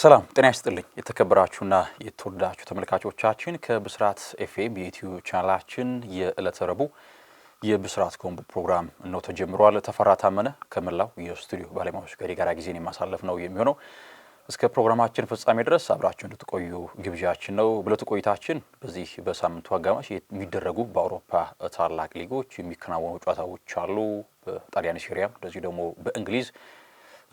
ሰላም ጤና ይስጥልኝ። የተከበራችሁና የተወዳችሁ ተመልካቾቻችን ከብስራት ኤፍኤም የዩትዩብ ቻናላችን የዕለተ ረቡዕ የብስራት ኮምቦ ፕሮግራም ነው ተጀምሯል። ተፈራ ታመነ ከመላው የስቱዲዮ ባለሙያዎች ጋር የጋራ ጊዜን የማሳለፍ ነው የሚሆነው። እስከ ፕሮግራማችን ፍጻሜ ድረስ አብራችሁ እንድትቆዩ ግብዣችን ነው። ብለቱ ቆይታችን በዚህ በሳምንቱ አጋማሽ የሚደረጉ በአውሮፓ ታላቅ ሊጎች የሚከናወኑ ጨዋታዎች አሉ። በጣሊያን ሴሪያም እንደዚሁ ደግሞ በእንግሊዝ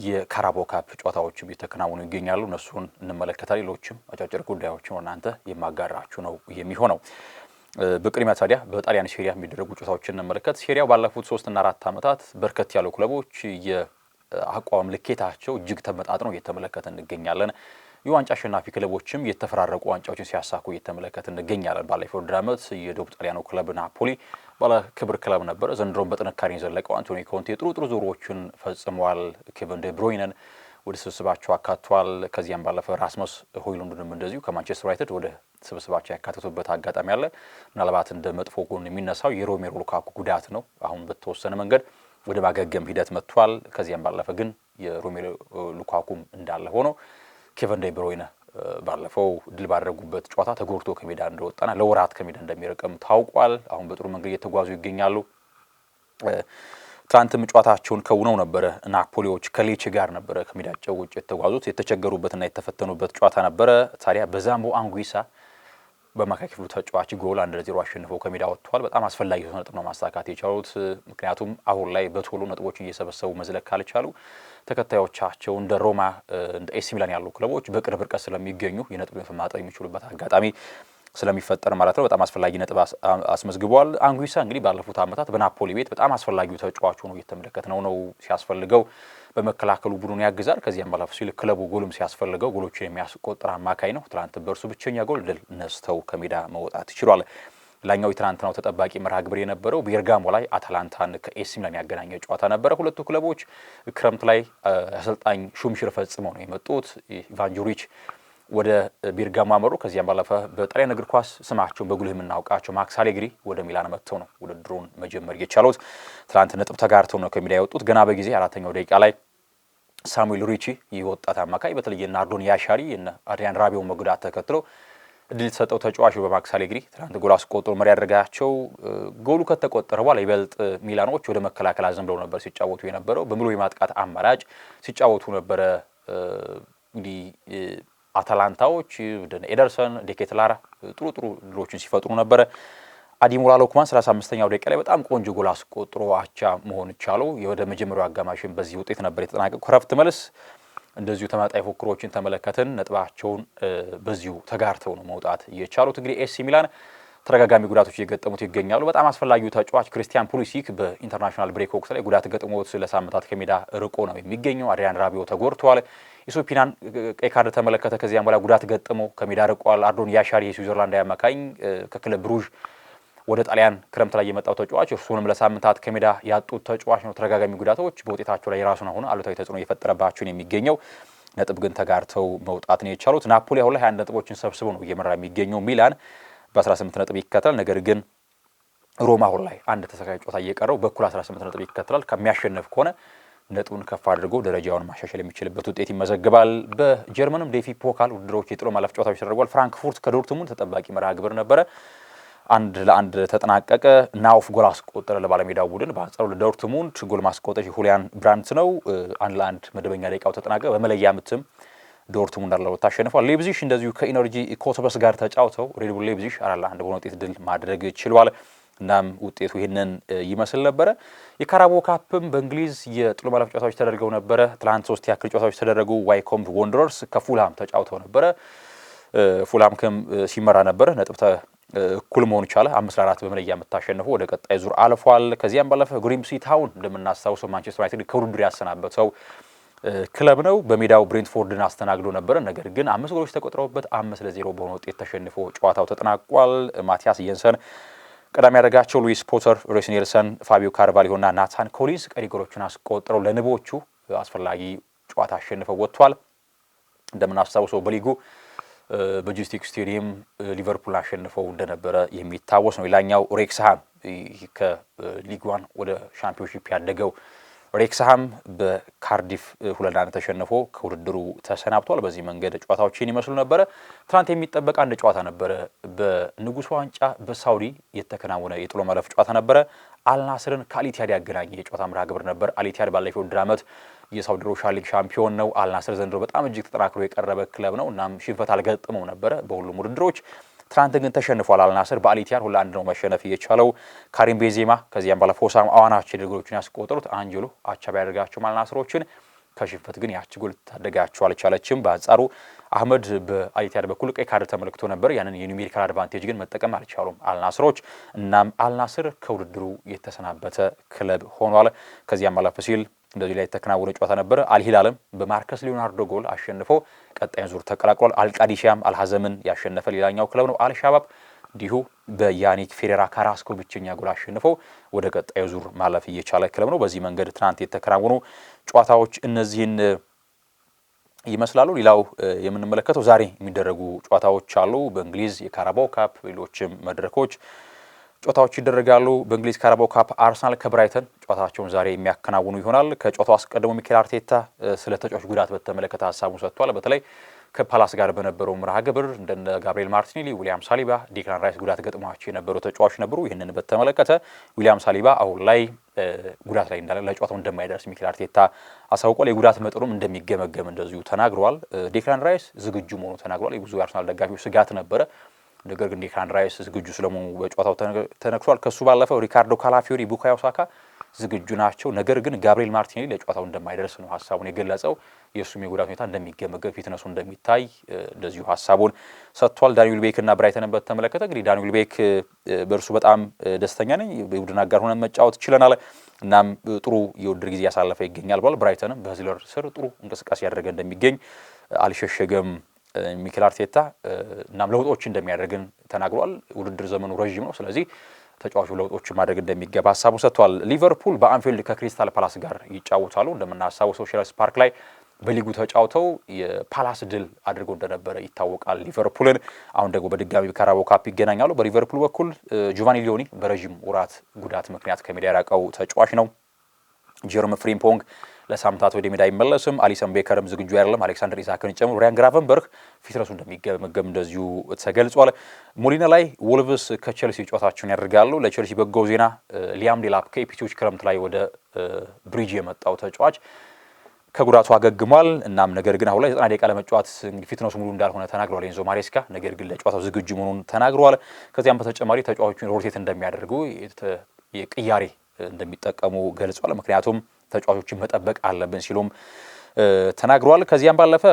የካራቦ ካፕ ጨዋታዎችም እየተከናወኑ ይገኛሉ። እነሱን እንመለከታል። ሌሎችም አጫጭር ጉዳዮችን እናንተ የማጋራችሁ ነው የሚሆነው። በቅድሚያ ታዲያ በጣሊያን ሴሪያ የሚደረጉ ጨዋታዎችን እንመለከት። ሴሪያው ባለፉት ሶስትና አራት ዓመታት በርከት ያሉ ክለቦች የአቋም ልኬታቸው እጅግ ተመጣጥነው እየተመለከተ እንገኛለን። የዋንጫ አሸናፊ ክለቦችም የተፈራረቁ ዋንጫዎችን ሲያሳኩ እየተመለከት እንገኛለን። ባለፈው ውድድር ዓመት የደቡብ ጣሊያኑ ክለብ ናፖሊ ባለ ክብር ክለብ ነበር። ዘንድሮም በጥንካሬ የዘለቀው አንቶኒ ኮንቴ ጥሩ ጥሩ ዙሮዎችን ፈጽሟል። ኬቨን ደ ብሮይነን ወደ ስብስባቸው አካቷል። ከዚያም ባለፈ ራስመስ ሆይሉንድንም እንደዚሁ ከማንቸስተር ዩናይትድ ወደ ስብስባቸው ያካተቱበት አጋጣሚ አለ። ምናልባት እንደ መጥፎ ጎን የሚነሳው የሮሜሮ ሉካኩ ጉዳት ነው። አሁን በተወሰነ መንገድ ወደ ማገገም ሂደት መጥቷል። ከዚያም ባለፈ ግን የሮሜሮ ሉካኩም እንዳለ ሆኖ ኬቨን ደብሮይነ ባለፈው ድል ባደረጉበት ጨዋታ ተጎድቶ ከሜዳ እንደወጣና ለወራት ከሜዳ እንደሚረቅም ታውቋል። አሁን በጥሩ መንገድ እየተጓዙ ይገኛሉ። ትላንትም ጨዋታቸውን ከውነው ነበረ። ናፖሊዎች ከሌቼ ጋር ነበረ ከሜዳቸው ውጭ የተጓዙት የተቸገሩበትና የተፈተኑበት ጨዋታ ነበረ። ታዲያ በዛምቦ አንጉሳ በማካይ ክፍሉ ተጫዋች ጎል አንድ ለዜሮ አሸንፎ ከሜዳ ወጥተዋል። በጣም አስፈላጊ የሆነ ነጥብ ነው ማሳካት የቻሉት ምክንያቱም አሁን ላይ በቶሎ ነጥቦችን እየሰበሰቡ መዝለቅ ካልቻሉ ተከታዮቻቸው እንደ ሮማ እንደ ኤሲ ሚላን ያሉ ክለቦች በቅርብ ርቀት ስለሚገኙ የነጥብ ማጠብ የሚችሉበት አጋጣሚ ስለሚፈጠር ማለት ነው። በጣም አስፈላጊ ነጥብ አስመዝግቧል። አንጉሳ እንግዲህ ባለፉት ዓመታት በናፖሊ ቤት በጣም አስፈላጊው ተጫዋች ሆኖ እየተመለከት ነው ነው ሲያስፈልገው በመከላከሉ ቡድኑን ያግዛል። ከዚያም ባለፈ ሲል ክለቡ ጎልም ሲያስፈልገው ጎሎችን የሚያስቆጥር አማካይ ነው። ትላንት በእርሱ ብቸኛ ጎል ድል ነስተው ከሜዳ መውጣት ይችሏል። ላኛው የትናንትናው ተጠባቂ መርሃ ግብር የነበረው ቤርጋሞ ላይ አታላንታን ከኤሲ ሚላን ጨዋታ ነበረ። ሁለቱ ክለቦች ክረምት ላይ አሰልጣኝ ሹምሽር ፈጽመው ነው የመጡት። ኢቫን ወደ ቤርጋሞ አመሩ። ከዚያም ባለፈ በጣሊያን እግር ኳስ ስማቸውን በጉልህ የምናውቃቸው ማክስ አሌግሪ ወደ ሚላን መጥተው ነው ውድድሩን መጀመር የቻሉት። ትናንት ነጥብ ተጋርተው ነው ከሜዳ ያወጡት። ገና በጊዜ አራተኛው ደቂቃ ላይ ሳሙኤል ሪቺ ይህ ወጣት አማካይ በተለይ ናርዶን ያሻሪ እና አድሪያን ራቢዮ መጉዳት ተከትሎ እድል የተሰጠው ተጫዋቹ በማክስ አሌግሪ ትናንት ጎል አስቆጥሮ መሪ ያደረጋቸው። ጎሉ ከተቆጠረ በኋላ ይበልጥ ሚላኖች ወደ መከላከል አዘንብለው ነበር ሲጫወቱ የነበረው በሙሉ የማጥቃት አማራጭ ሲጫወቱ ነበረ። እንግዲህ አታላንታዎች ኤደርሰን ዴኬትላራ ጥሩ ጥሩ ድሎችን ሲፈጥሩ ነበረ። አዲሙላ ሎክማን 35ኛው ደቂቃ ላይ በጣም ቆንጆ ጎል አስቆጥሮ አቻ መሆን ቻለው። ወደ መጀመሪያው አጋማሽን በዚህ ውጤት ነበር የተጠናቀቁ። ረፍት መልስ እንደዚሁ ተመጣጣይ ፉክክሮችን ተመለከትን። ነጥባቸውን በዚሁ ተጋርተው ነው መውጣት የቻሉት። እንግዲህ ኤሲ ሚላን ተደጋጋሚ ጉዳቶች እየገጠሙት ይገኛሉ። በጣም አስፈላጊው ተጫዋች ክሪስቲያን ፑሊሲክ በኢንተርናሽናል ብሬክ ወቅት ላይ ጉዳት ገጥሞት ለሳምንታት ከሜዳ ርቆ ነው የሚገኘው። አድሪያን ራቢዮ ተጎድተዋል። ኢሶፒናን ቀይ ካርድ ተመለከተ። ከዚያም በኋላ ጉዳት ገጥሞ ከሜዳ ርቋል። አርዶን ያሻሪ የስዊዘርላንድ አማካኝ ከክለብ ብሩዥ ወደ ጣሊያን ክረምት ላይ የመጣው ተጫዋች እሱንም ለሳምንታት ከሜዳ ያጡት ተጫዋች ነው። ተደጋጋሚ ጉዳቶች በውጤታቸው ላይ የራሱን አሁን አሉታዊ ተጽዕኖ እየፈጠረባቸውን የሚገኘው ነጥብ ግን ተጋርተው መውጣት ነው የቻሉት። ናፖሊ አሁን ላይ 21 ነጥቦችን ሰብስቦ ነው እየመራ የሚገኘው። ሚላን በ18 ነጥብ ይከተላል። ነገር ግን ሮማ አሁን ላይ አንድ ተሰካይ ጨዋታ እየቀረው በኩል 18 ነጥብ ይከተላል። ከሚያሸነፍ ከሆነ ነጥቡን ከፍ አድርጎ ደረጃውን ማሻሻል የሚችልበት ውጤት ይመዘግባል። በጀርመንም ዴፊ ፖካል ውድድሮች የጥሎ ማለፍ ጨዋታዎች ተደርጓል። ፍራንክፉርት ከዶርትሙንድ ተጠባቂ መርሃ ግብር ነበረ። አንድ ለአንድ ተጠናቀቀ። ናውፍ ጎል አስቆጠረ ለባለሜዳው ቡድን። በአንጻሩ ለዶርትሙንድ ጎል ማስቆጠር ሁሊያን ብራንት ነው። አንድ ለአንድ መደበኛ ደቂቃው ተጠናቀቀ። በመለያ ምትም ዶርትሙንድ አለ ታሸንፏል። ሌብዚሽ እንደዚሁ ከኢነርጂ ኮተበስ ጋር ተጫውተው ሬድቡል ሌብዚሽ አራት ለአንድ በሆነ ውጤት ድል ማድረግ ችሏል። እናም ውጤቱ ይህንን ይመስል ነበረ። የካራቦ ካፕም በእንግሊዝ የጥሎ ማለፍ ጨዋታዎች ተደርገው ነበረ። ትላንት ሶስት ያክል ጨዋታዎች ተደረጉ። ዋይኮምብ ወንድሮርስ ከፉልሃም ተጫውተው ነበረ። ፉልሃም ክም ሲመራ ነበረ ነጥብ እኩል መሆን ቻለ። አምስት ለአራት በመለያ የምታሸንፉ ወደ ቀጣይ ዙር አልፏል። ከዚያም ባለፈ ግሪምሲ ታውን እንደምናስታውሰው ማንቸስተር ዩናይትድ ከውድድር ያሰናበተው ክለብ ነው። በሜዳው ብሬንትፎርድን አስተናግዶ ነበረ። ነገር ግን አምስት ጎሎች ተቆጥረውበት አምስት ለዜሮ በሆነ ውጤት ተሸንፎ ጨዋታው ተጠናቋል። ማቲያስ የንሰን ቀዳሚ ያደረጋቸው፣ ሉዊስ ፖተር፣ ሬስ ኔልሰን፣ ፋቢዮ ካርቫሊዮና ናታን ኮሊንስ ቀሪ ጎሎቹን አስቆጥረው ለንቦቹ አስፈላጊ ጨዋታ አሸንፈው ወጥቷል። እንደምናስታውሰው በሊጉ በጂስቲክ ስቴዲየም ሊቨርፑል አሸንፈው እንደነበረ የሚታወስ ነው። ሌላኛው ሬክስሃም ከሊግ ዋን ወደ ሻምፒዮንሺፕ ያደገው ሬክስሃም በካርዲፍ ሁለት ለአንድ ተሸንፎ ከውድድሩ ተሰናብቷል። በዚህ መንገድ ጨዋታዎችን ይመስሉ ነበረ። ትናንት የሚጠበቅ አንድ ጨዋታ ነበረ። በንጉሱ ዋንጫ በሳውዲ የተከናወነ የጥሎ ማለፍ ጨዋታ ነበረ። አልናስርን ከአሊቲያድ ያገናኘ የጨዋታ መርሃ ግብር ነበር። አሊቲያድ ባለፈው ውድድር ዓመት የሳውዲ ሮሻ ሊግ ሻምፒዮን ነው። አልናስር ዘንድሮ በጣም እጅግ ተጠናክሮ የቀረበ ክለብ ነው። እናም ሽንፈት አልገጥመው ነበረ በሁሉም ውድድሮች ትናንት ግን ተሸንፏል። አልናስር በአሊቲያን ሁላ አንድ ነው መሸነፍ እየቻለው ካሪም ቤንዜማ ከዚያም ባለፈ ሆሳም አዋናችን ድግሮችን ያስቆጠሩት አንጀሎ አቻ ቢያደርጋቸውም አልናስሮችን ከሽንፈት ግን ያቺ ጎል ታደጋቸው አልቻለችም። በአንጻሩ አህመድ በአሊቲያድ በኩል ቀይ ካርድ ተመልክቶ ነበር። ያንን የኒሜሪካል አድቫንቴጅ ግን መጠቀም አልቻሉም አልናስሮች። እናም አልናስር ከውድድሩ የተሰናበተ ክለብ ሆኗል። ከዚያም አለፍ ሲል እንደዚህ ላይ የተከናወነ ጨዋታ ነበረ። አልሂላልም በማርከስ ሊዮናርዶ ጎል አሸንፎ ቀጣዩን ዙር ተቀላቅሏል። አልቃዲሺያም አልሀዘምን ያሸነፈ ሌላኛው ክለብ ነው። አልሻባብ እንዲሁ በያኒክ ፌሬራ ካራስኮ ብቸኛ ጎል አሸንፎ ወደ ቀጣዩ ዙር ማለፍ እየቻለ ክለብ ነው። በዚህ መንገድ ትናንት የተከናወኑ ጨዋታዎች እነዚህን ይመስላሉ። ሌላው የምንመለከተው ዛሬ የሚደረጉ ጨዋታዎች አሉ። በእንግሊዝ የካራባው ካፕ፣ ሌሎችም መድረኮች ጨዋታዎች ይደረጋሉ። በእንግሊዝ ካራባኦ ካፕ አርሰናል ከብራይተን ጨዋታቸውን ዛሬ የሚያከናውኑ ይሆናል። ከጨዋታው አስቀድሞ ሚኬል አርቴታ ስለ ተጫዋች ጉዳት በተመለከተ ሀሳቡን ሰጥቷል። በተለይ ከፓላስ ጋር በነበረው ምርሃ ግብር እንደነ ጋብሪኤል ማርቲኔሊ፣ ዊሊያም ሳሊባ፣ ዲክላን ራይስ ጉዳት ገጥሟቸው የነበሩ ተጫዋች ነበሩ። ይህንን በተመለከተ ዊሊያም ሳሊባ አሁን ላይ ጉዳት ላይ እንዳለ ለጨዋታው እንደማይደርስ ሚኬል አርቴታ አሳውቋል። የጉዳት መጠኑም እንደሚገመገም እንደዚሁ ተናግረዋል። ዲክላን ራይስ ዝግጁ መሆኑ ተናግሯል። የብዙ የአርሰናል ደጋፊዎች ስጋት ነበረ። ነገር ግን ዴክላን ራይስ ዝግጁ ስለመሆኑ በጨዋታው ተነክሷል። ከሱ ባለፈው ሪካርዶ ካላፊዮሪ፣ ቡካዮ ሳካ ዝግጁ ናቸው። ነገር ግን ጋብሪኤል ማርቲኔሊ ለጨዋታው እንደማይደርስ ነው ሀሳቡን የገለጸው። የእሱም የጉዳት ሁኔታ እንደሚገመገብ ፊትነሱ እንደሚታይ እንደዚሁ ሀሳቡን ሰጥቷል። ዳንዊል ቤክ እና ብራይተንን በተመለከተ እንግዲህ ዳንዊል ቤክ በእርሱ በጣም ደስተኛ ነኝ፣ የቡድን አጋር ሆነን መጫወት ችለናል፣ እናም ጥሩ የውድድር ጊዜ ያሳለፈ ይገኛል ብሏል። ብራይተንም በዝለር ስር ጥሩ እንቅስቃሴ ያደረገ እንደሚገኝ አልሸሸገም ሚኬል አርቴታ እናም ለውጦች እንደሚያደርግን ተናግሯል። ውድድር ዘመኑ ረዥም ነው። ስለዚህ ተጫዋቹ ለውጦች ማድረግ እንደሚገባ ሀሳቡ ሰጥቷል። ሊቨርፑል በአንፊልድ ከክሪስታል ፓላስ ጋር ይጫወታሉ። እንደምናስታውሰው ሼረርስ ፓርክ ላይ በሊጉ ተጫውተው የፓላስ ድል አድርጎ እንደነበረ ይታወቃል ሊቨርፑልን። አሁን ደግሞ በድጋሚ ካራቦ ካፕ ይገናኛሉ። በሊቨርፑል በኩል ጆቫኒ ሊዮኒ በረዥም ውራት ጉዳት ምክንያት ከሜዳ የራቀው ተጫዋች ነው። ጀርም ፍሪምፖንግ ለሳምንታት ወደ ሜዳ አይመለስም። አሊሰን ቤከርም ዝግጁ አይደለም። አሌክሳንደር ኢሳክን ጨምሮ ሪያን ግራቨንበርግ ፊትነሱ እንደሚገመገም እንደዚሁ ተገልጿል። ሞሊና ላይ ወልቭስ ከቸልሲ ጨዋታቸውን ያደርጋሉ። ለቸልሲ በጎው ዜና ሊያም ዴላፕ ከኤፒቶች ክረምት ላይ ወደ ብሪጅ የመጣው ተጫዋች ከጉዳቱ አገግሟል። እናም ነገር ግን አሁን ላይ ዘጠና ደቂቃ ለመጫወት ፊትነሱ ሙሉ እንዳልሆነ ተናግረዋል ኤንዞ ማሬስካ። ነገር ግን ለጨዋታው ዝግጁ መሆኑን ተናግረዋል። ከዚያም በተጨማሪ ተጫዋቹን ሮቴት እንደሚያደርጉ የቅያሬ እንደሚጠቀሙ ገልጿል። ምክንያቱም ተጫዋቾችን መጠበቅ አለብን ሲሉም ተናግረዋል። ከዚያም ባለፈ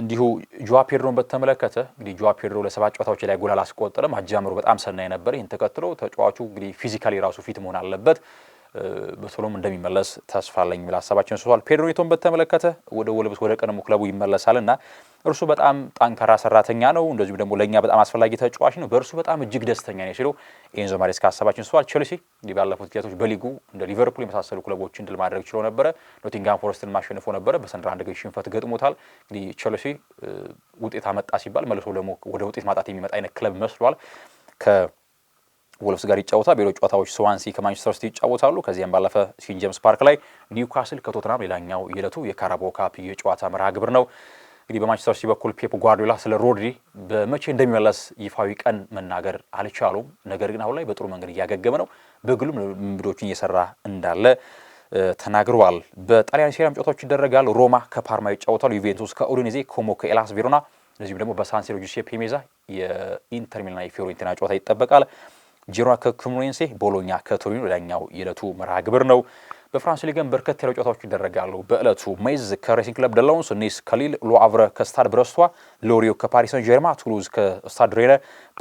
እንዲሁ ጆዋ ፔድሮን በተመለከተ እንግዲህ ጆዋ ፔድሮ ለሰባት ጨዋታዎች ላይ ጎል አላስቆጠረም። አጀማመሩ በጣም ሰናይ ነበር። ይህን ተከትሎ ተጫዋቹ እንግዲህ ፊዚካሊ ራሱ ፊት መሆን አለበት። በቶሎም እንደሚመለስ ተስፋ አለኝ የሚል ሀሳባችን ስሷል። ፔድሮኔቶን በተመለከተ ወደ ወልብስ ወደ ቀድሞ ክለቡ ይመለሳል እና እርሱ በጣም ጠንካራ ሰራተኛ ነው፣ እንደዚሁም ደግሞ ለእኛ በጣም አስፈላጊ ተጫዋች ነው። በእርሱ በጣም እጅግ ደስተኛ ነው ሲለው ኤንዞ ማሬስካ ሀሳባችን ስሷል። ቼልሲ እንዲህ ባለፉት ጊዜቶች በሊጉ እንደ ሊቨርፑል የመሳሰሉ ክለቦችን ድል ማድረግ ችሎ ነበረ። ኖቲንጋም ፎረስትን ማሸንፎ ነበረ። በሰንደር አንድ ግን ሽንፈት ገጥሞታል። እንግዲህ ቼልሲ ውጤት አመጣ ሲባል መልሶ ደግሞ ወደ ውጤት ማጣት የሚመጣ አይነት ክለብ መስሏል ከ ወልፍስ ጋር ይጫወታል። ሌሎች ጨዋታዎች ስዋንሲ ከማንቸስተር ሲቲ ይጫወታሉ። ከዚያም ባለፈ ሴንት ጄምስ ፓርክ ላይ ኒውካስል ከቶትናም ሌላኛው የዕለቱ የካራቦ ካፕ የጨዋታ መርሃ ግብር ነው። እንግዲህ በማንቸስተር ሲቲ በኩል ፔፕ ጓርዲዮላ ስለ ሮድሪ በመቼ እንደሚመለስ ይፋዊ ቀን መናገር አልቻሉም። ነገር ግን አሁን ላይ በጥሩ መንገድ እያገገመ ነው፣ በግሉም ልምምዶችን እየሰራ እንዳለ ተናግረዋል። በጣሊያን ሴሪያም ጨዋታዎች ይደረጋል። ሮማ ከፓርማ ይጫወታሉ። ዩቬንቱስ ከኡዲኔዜ፣ ኮሞ ከኤላስ ቬሮና፣ እንደዚሁም ደግሞ በሳንሲሮ ጁሴፔ ሜዛ የኢንተር ሚላንና የፊዮሬንቲና ጨዋታ ይጠበቃል። ጂሯ ከክሙሬንሴ ቦሎኛ ከቶሪኖ ሌላኛው የዕለቱ መርሃ ግብር ነው። በፍራንስ ሊግም በርከት ያለው ጨዋታዎች ይደረጋሉ። በዕለቱ ሜዝ ከሬሲንግ ክለብ ደላውንስ፣ ኒስ ከሊል፣ ሉአቭረ ከስታድ ብረስቷ፣ ሎሪዮ ከፓሪስ ሰን ጀርማ፣ ቱሉዝ ከስታድ ሬነ፣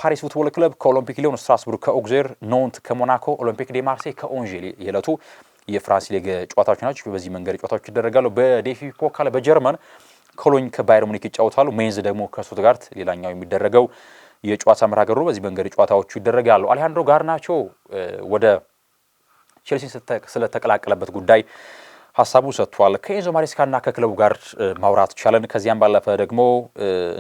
ፓሪስ ፉትቦል ክለብ ከኦሎምፒክ ሊዮን፣ ስትራስቡርግ ከኦግዜር፣ ኖንት ከሞናኮ፣ ኦሎምፒክ ዴ ማርሴይ ከኦንዤ የዕለቱ የፍራንስ ሊግ ጨዋታዎች ናቸው። በዚህ መንገድ ጨዋታዎች ይደረጋሉ። በዴፊ ፖካል በጀርመን ኮሎኝ ከባየር ሙኒክ ይጫወታሉ። ሜንዝ ደግሞ ከሱትጋርት ሌላኛው የሚደረገው የጨዋታ መርሃ ግብሩ በዚህ መንገድ ጨዋታዎቹ ይደረጋሉ። አሊሃንድሮ ጋርናቾ ወደ ቼልሲን ስለተቀላቀለበት ጉዳይ ሀሳቡ ሰጥቷል። ከኤንዞ ማሬስካና ከክለቡ ጋር ማውራት ቻለን። ከዚያም ባለፈ ደግሞ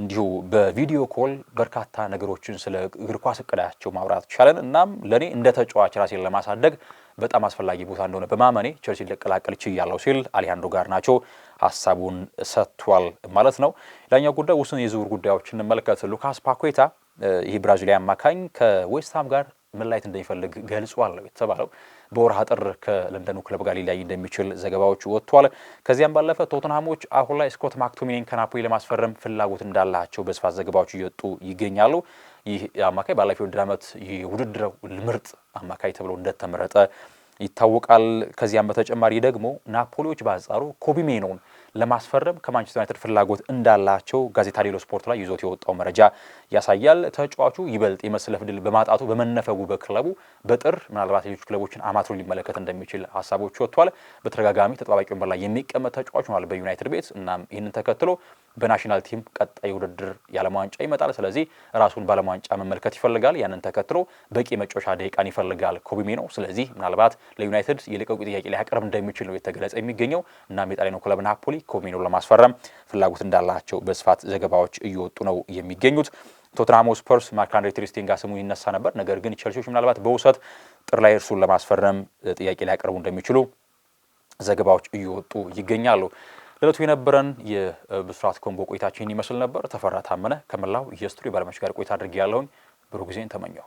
እንዲሁ በቪዲዮ ኮል በርካታ ነገሮችን ስለ እግር ኳስ እቅዳቸው ማውራት ቻለን። እናም ለእኔ እንደ ተጫዋች ራሴን ለማሳደግ በጣም አስፈላጊ ቦታ እንደሆነ በማመኔ ቸልሲን ልቀላቀል ችያለሁ ሲል አሌሃንድሮ ጋርናቾ ሀሳቡን ሰጥቷል ማለት ነው። ሌላኛው ጉዳይ ውስን የዝውውር ጉዳዮች እንመልከት። ሉካስ ፓኩዌታ ይህ ብራዚሊያ አማካኝ ከዌስትሃም ጋር ላይት እንደሚፈልግ ገልጿል ነው የተባለው። በወርሃ ጥር ከለንደኑ ክለብ ጋር ሊለያይ እንደሚችል ዘገባዎቹ ወጥቷል። ከዚያም ባለፈ ቶትንሃሞች አሁን ላይ ስኮት ማክቶሚኔን ከናፖሊ ለማስፈረም ፍላጎት እንዳላቸው በስፋት ዘገባዎች እየወጡ ይገኛሉ። ይህ አማካይ ባለፈው የውድድር ዓመት የውድድር ምርጥ አማካይ ተብሎ እንደተመረጠ ይታወቃል። ከዚያም በተጨማሪ ደግሞ ናፖሊዎች በአንጻሩ ኮቢ ሜኖን ለማስፈረም ከማንቸስተር ዩናይትድ ፍላጎት እንዳላቸው ጋዜጣ ሌሎ ስፖርት ላይ ይዞት የወጣው መረጃ ያሳያል። ተጫዋቹ ይበልጥ የመሰለፍ ፍድል በማጣቱ በመነፈጉ በክለቡ በጥር ምናልባት ሌሎች ክለቦችን አማትሮ ሊመለከት እንደሚችል ሀሳቦች ወጥቷል። በተደጋጋሚ ተጠባባቂ ወንበር ላይ የሚቀመጥ ተጫዋች ሆኗል በዩናይትድ ቤት። እናም ይህንን ተከትሎ በናሽናል ቲም ቀጣይ ውድድር የዓለም ዋንጫ ይመጣል። ስለዚህ ራሱን በዓለም ዋንጫ መመልከት ይፈልጋል። ያንን ተከትሎ በቂ መጫወቻ ደቂቃን ይፈልጋል ነው ስለዚህ ምናልባት ለዩናይትድ የልቀቁ ጥያቄ ሊያቀርብ እንደሚችል ነው የተገለጸ የሚገኘው። እናም የጣሊያኑ ክለብ ናፖሊ ኮቢሜኖን ለማስፈረም ፍላጎት እንዳላቸው በስፋት ዘገባዎች እየወጡ ነው የሚገኙት። ቶትናሞ ስፐርስ ማርክ አንድሬ ጋር ስሙ ይነሳ ነበር። ነገር ግን ቸልሲዎች ምናልባት በውሰት ጥር ላይ እርሱን ለማስፈረም ጥያቄ ሊያቀርቡ እንደሚችሉ ዘገባዎች እየወጡ ይገኛሉ። ለዕለቱ የነበረን የብስራት ኮምቦ ቆይታችን ይመስል ነበር። ተፈራ ታመነ ከመላው የስቱዲዮ ባለሙያዎች ጋር ቆይታ አድርጌ ያለሁኝ ብሩህ ጊዜን ተመኘው።